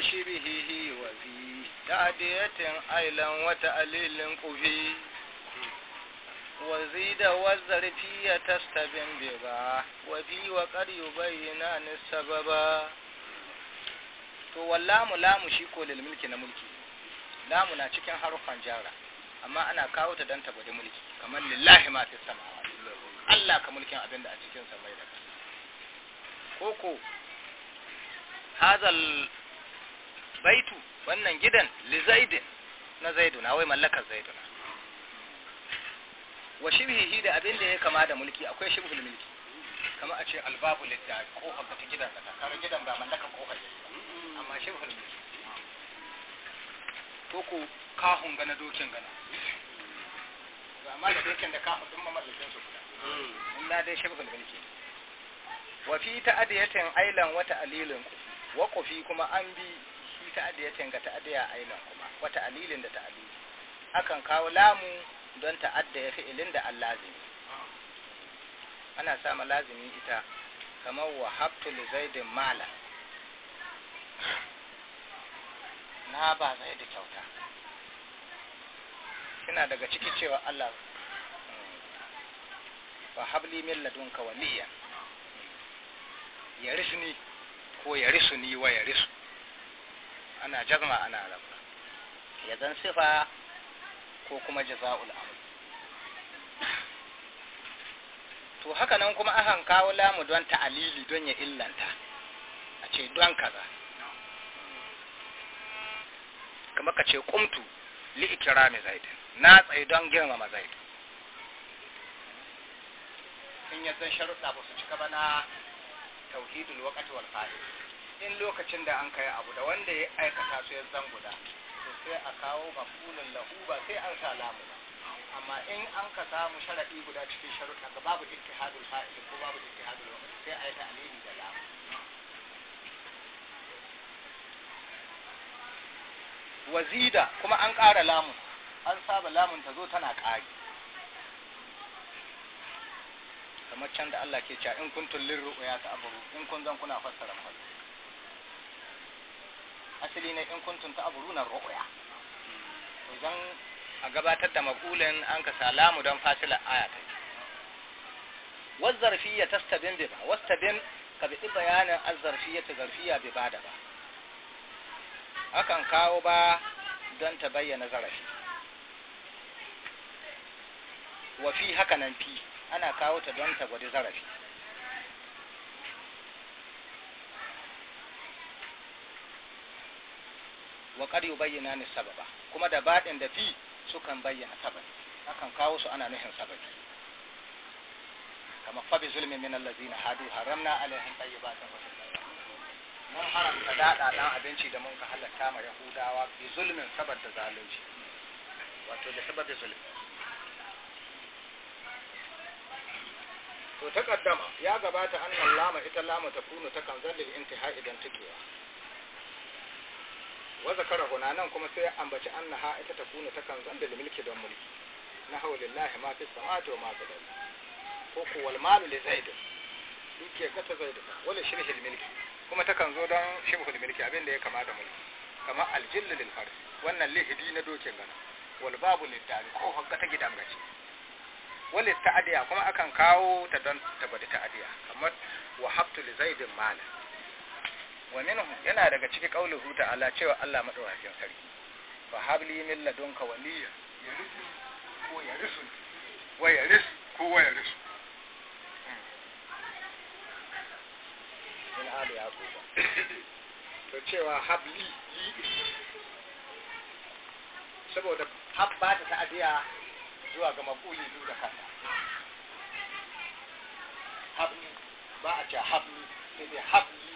وشبهه وفي تعدية أيلا وتأليل قفي وزيد والزرفية تستبن ببا وفي وقد يبينان السببا to wallamu lamu shi ko mulki na mulki lamu na cikin harufan jara amma ana kawo ta danta tabari mulki kamar lillahi ma fi Allah ka mulkin abinda a cikin samai da koko hazal baitu wannan gidan li zaidin na zaiduna wai mallakar zaiduna wa shibhihi da abin da ya kama da mulki akwai shibhul mulki kama a ce albabu lidda kofar ta gidan ka kare gidan ba mallakar kofar ta amma shibhul mulki to ko kahun gana dokin gana ba amma da dokin da kahun din mallakin su kuma in na dai shibhul mulki wa fi ta'adiyatin ailan wata alilin wa kufi kuma an bi bi ce ga a ainan kuma wata alilin da ta'alili akan kawo lamu don ta'adda fi'ilin da allazimi ana sama lazimi ita kamar wa haftu li zaidin mala na ba zai da kyauta kina daga ciki cewa Allah hmm, wa habli min ladunka ya ko ya wa ya ana jazma ana rabba ya zan sifa ko kuma jaza'ul amr to haka nan kuma akan kawo lamu don ta'alili don ya illanta a ce don kaza kamar ka ce kumtu li ikrami zaid na tsaye don girmama zaid in yanzu sharuɗa ba su cika ba na tauhidul waqti wal fa'il in lokacin da an kai abu da wanda ya aikata su ya guda, to sai a kawo mafunin lahu ba sai an sa lamu ba amma in an ka samu sharaɗi guda cikin sharuɗa ga babu ittihadul fa'il ko babu ittihadul wakil sai a yi alini da lamu wazida kuma an ƙara lamun an saba lamun ta zo tana ƙari kamar can da Allah ke cewa in tullin lirru'ya ta aburu in kun zan kuna fassara mahallu asali ne in kuntum ta'buruna ru'ya to zan a gabatar da makulin an ka salamu don fasila aya ta Wasu wazzarfiyya tastabin bi ba wastabin ka bi bayanin azzarfiyya ta zarfiya bi ba da ba akan kawo ba don ta bayyana zarafi Wafi fi haka nan fi ana kawo ta don ta gwada zarafi وقد يبين أن السبب كما دا بعد ان دا في سكن بيّن سبب لكن كاوسو أنا نحن سبب كما فبي ظلم من الذين هادوا حرمنا عليهم طيبات وحرمنا من حرم كذا لا أبنشي دا منك حل كام يهودا وبظلم سبب دا ظالمشي وطول سبب ظلم to takaddama ya gabata annal lama ita lama ta kunu ta kan zalli intihai idan take wa zakara huna nan kuma sai ya ambaci annaha ita ta kuna ta kan da milki don mulki na haulillahi ma fi samata wa ma fi ko kuwal malu li zaid duke ka ta wani wala shirhil milki kuma ta kan zo don shibhul mulki abin da ya kama da mulki kama aljillu lil fars wannan lihidi na dokin gana wal babu lil ko hakka ta gidan gaci wal ta'diya kuma akan kawo ta don ta bada ta'diya kamar wa habtu li zaid mala wa minhu yana daga ciki qauluhu ta'ala cewa Allah madaukakin sarki fa habli min ladunka waliya yarisu ko ya yarisu wa yaris ko wa yarisu in hali ya kusa to cewa habli yi saboda habba ta ta'adiya zuwa ga makuli da kansa habli ba a ce habli sai dai habli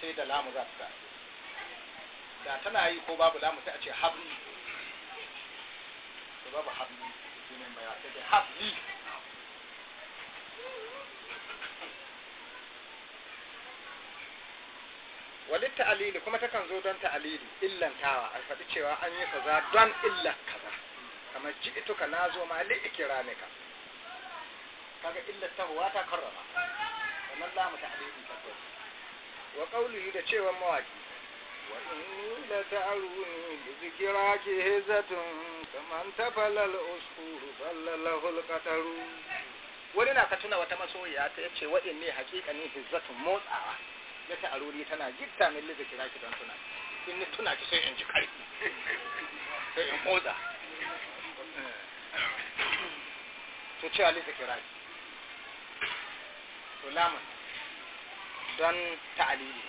sai da lamu za su ta da tana yi ko babu lamu sai a ce habli to babu habli ne mai sai da habli wani ta'alili kuma ta kan zo don ta'alili illantawa a faɗi cewa an yi kaza don illan kaza kama ji ituka na zo ma li ka kaga illar tahuwa ta karrama wannan lamu ta'alili ta zo wa qawlihi da cewa Wani wa inni la ta'aruni bi zikraki hizatun kaman tafalal usfuru ballalahu alqataru wani na ka tuna wata masoyiya ta ce wa inni haqiqani hizatun motsawa ya ta'aruni tana gitta min li zikraki don tuna in ni tuna ki sai in ji karfi sai in motsa to ce ali zikraki to lamun don ta'alili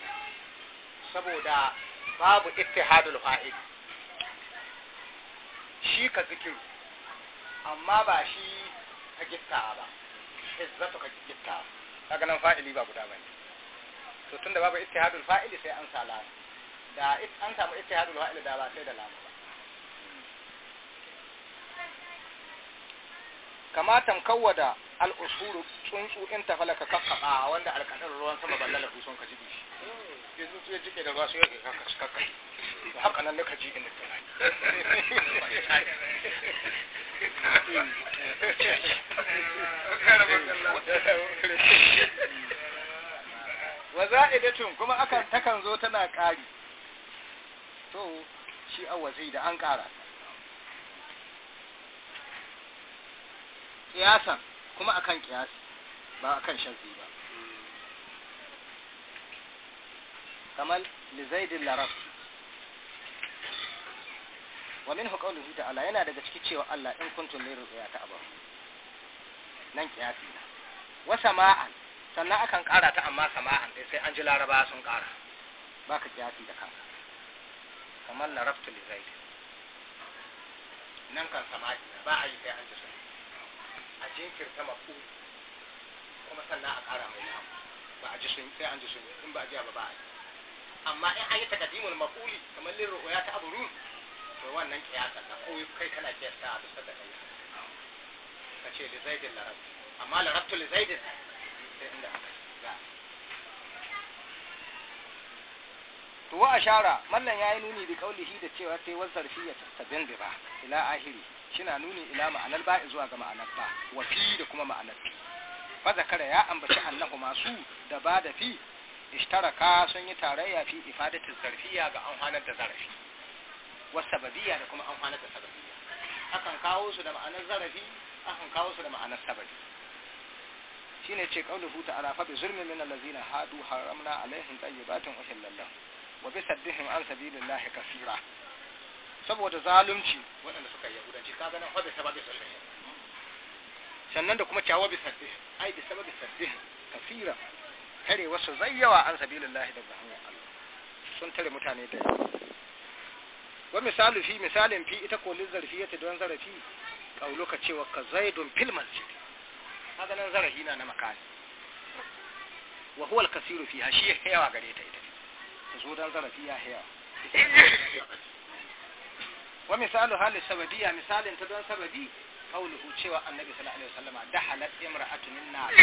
saboda babu ittihadul fa'il shi ka zikiru amma ba shi ka gitta ba izzatu ka gitta daga nan fa'ili ba guda bane to tunda babu ittihadul fa'ili sai an sala da an samu ittihadul fa'ili da ba sai da lamu ba kamatan kawwada al'usuru tsuntsu in ta falaka kakkaba wanda alkadar ruwan sama balla da sun ka jibi shi eh, ya tsuntsu ya jike da basu ruwa su yake kakkashi kakkashi haka nan naka ji inda tana wa za'idatun kuma akan takan zo tana ƙari to shi awazi da an ƙara kiyasan kuma akan kiyasi ba akan shazi ba kamar lizaidin larab wa min hukauluhu ta'ala yana daga ciki cewa Allah in kuntum la ru'ya ta abu nan kiyasi na wa ma'an sannan akan kara ta amma sama'an dai sai an ji laraba sun kara ba baka kiyasi da kanka kamar larabtu lizaidin nan kan sama'i ba a yi sai an ji sun a jinkirta mafu kuma sannan a ƙara mai namu ba a ji sun sai an ji sun in ba a ji ba ba a ji amma in an yi takadimul maquli kamar lin ru'ya ta aburun to wannan kiyasa ka ko kai kana kiyasta a bisa da kai ka ce li zaidin larab amma larabtu li zaidin sai inda za to wa ashara mallan yayi nuni da kaulihi da cewa sai wazarfiya tastabin bi ba ila ahiri shina nuni ila ma'anar ba zuwa ga ma'anar ba wa fi da kuma ma'anar fi fa zakara ya ambaci annahu masu da ba da fi ishtaraka sun yi tarayya fi ifadatu zarfiya ga amfanar da zarfi wa sababiyya da kuma amfanar da sababiyya akan kawo su da ma'anar zarfi akan kawo su da ma'anar sababi shine ce kaulu qauluhu ala fa bi zulmin min allazina hadu haramna alaihim tayyibatin uhillallah wa bi saddihim an sabilillahi kaseera saboda zalunci waɗanda suka yi gudanci ka ganin hobi sababi sosai sannan da kuma kyawa bi saddi ai bi sababi saddi kasira tare wasu zayyawa an sabilillahi daga hanyar Allah sun tare mutane da wa misalu fi misalin fi ita kolin zarfiyata don zarafi kauluka cewa ka zaidun fil masjid kaga nan zarafi na na makani wa huwa al-kasiru fiha shi yawa gare ta ita zo dan zarafi ya yawa ومثالها للسببية مثال انت دون سببي قوله شوى النبي صلى الله عليه وسلم دحلت امرأة من النار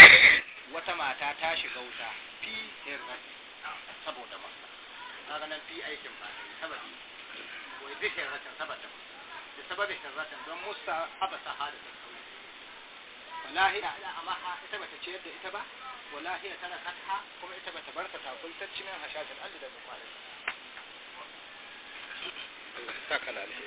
وتما تاتاش قوتا في هرة صبو دمار هذا في اي كم سببي ويدي هرة صبا دمار لسبب هرة دون موسى حبس ولا هي لا اماها اتبت تشيرد اتبع ولا هي تركتها قم اتبت برتتها قلت تشمعها شاشر اجل دمار ثقل عليه